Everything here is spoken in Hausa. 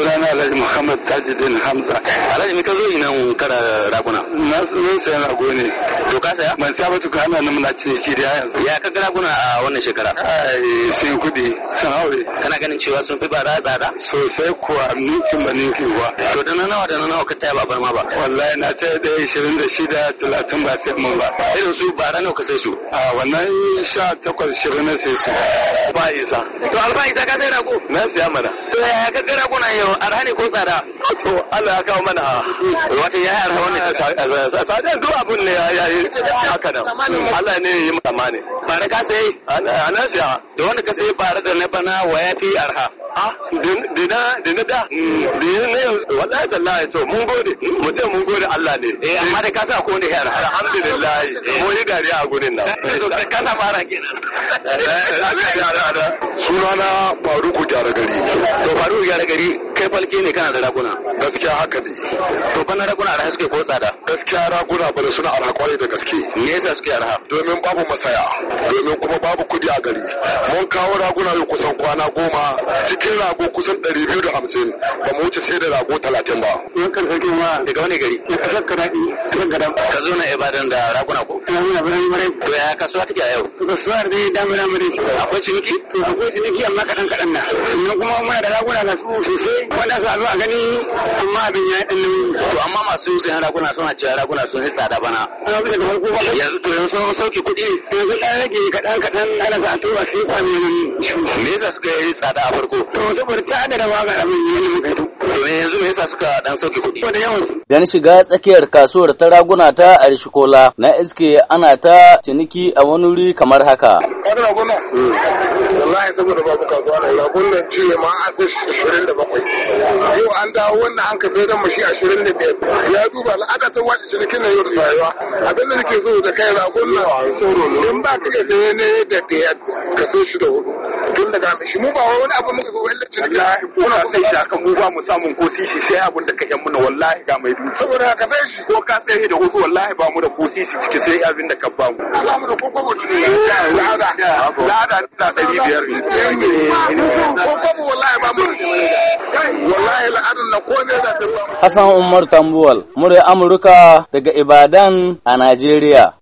sunana alhaji muhammad tajidin hamza alhaji me ka zo nan kara raguna na sun sai rago ne to ka saya ban saya ba tuka nan muna cin shi da yanzu ya ka ga raguna a wannan shekara ai sai kudi sun kana ganin cewa sun fi ba da tsada sosai kuwa ninkin ba ninkin kuwa to da nanawa da nanawa ka taya babar ma ba wallahi na taya da ishirin da shida talatin ba sai mun ba irin su ba ranar ka sai su a wannan sha takwas shirin na sai su ba isa to alba isa ka sai rago na siya mana to ya ka ga raguna yau arhani ko tsada to Allah ya kawo mana wata ya yi arhani wannan tsadar duk abun ne ya yi haka nan Allah ne ya yi mutamani bare ka sai ana siya da wanda ka sai bare da na bana wa ya fi arha dina dina da dina ne wallahi tallahi to mun gode mu ce mun gode Allah ne eh amma da ka sa ko ne ya arha alhamdulillah eh. mu yi dariya a gurin nan eh, to ka sa fara kenan eh, sunana faruku gyara gari to faruku gyara gari kai falke ne kana da raguna gaskiya haka ne to kana raguna arha suke ko tsada gaskiya raguna da suna arha kwarai da gaske me yasa suke arha domin babu masaya domin kuma babu kudi a gari mun kawo raguna yau kusan kwana goma cikin rago kusan ɗari biyu da hamsin ba mu wuce sai da rago talatin ba. in kan sarki ma daga wani gari. in kasar ka daɗi kasar ka Ka zo na Ibadan da raguna ko. Ina muna bari mare To ya kasuwa take a yau. da dai damuna mare Akwai ciniki? To akwai ciniki amma kaɗan kaɗan na. Sannan kuma muna da raguna na su sosai waɗansu a zuwa gani amma abin ya ɗin nauyi. To amma masu sayan raguna suna cewa raguna sun yi tsada bana. Yanzu to yanzu sun sauke kuɗi ne. Yanzu ɗan rage kaɗan kaɗan ana sa tura sai kwame ne. Me yasa suka yi tsada a farko? To saboda ta adana ga abin yi ne muka to. To me yanzu me yasa suka dan sauke kuɗi? Ko da yawan. Dan shiga tsakiyar kasuwar ta raguna ta Arshikola na iske ana ta ciniki a wani wuri kamar haka. Kada raguna. Hmm. Wallahi saboda babu kasuwa ne ragunan ce ma an sai 27. Yau an dawo wannan an ka sai dan mashi 25. ya duba la'akatan wani cinikin na yau da rayuwa abin da nake so da kai ragon na tsoro in ba ka iya ne da biyar ka so shi da hudu tun gami shi mu ba wani abu muka zo wani cinikin kuna sai shi akan mu ba mu samun ko sisi sai abin da ka yi muna wallahi ga mai dubu saboda ka sai shi ko ka sai da hudu wallahi ba mu da ko sisi ciki sai abin da ka ba mu ba mu da ko ciki la'ada la'ada da ɗari biyar Hassan Umar Tambuwal, murya Amurka daga Ibadan a Najeriya.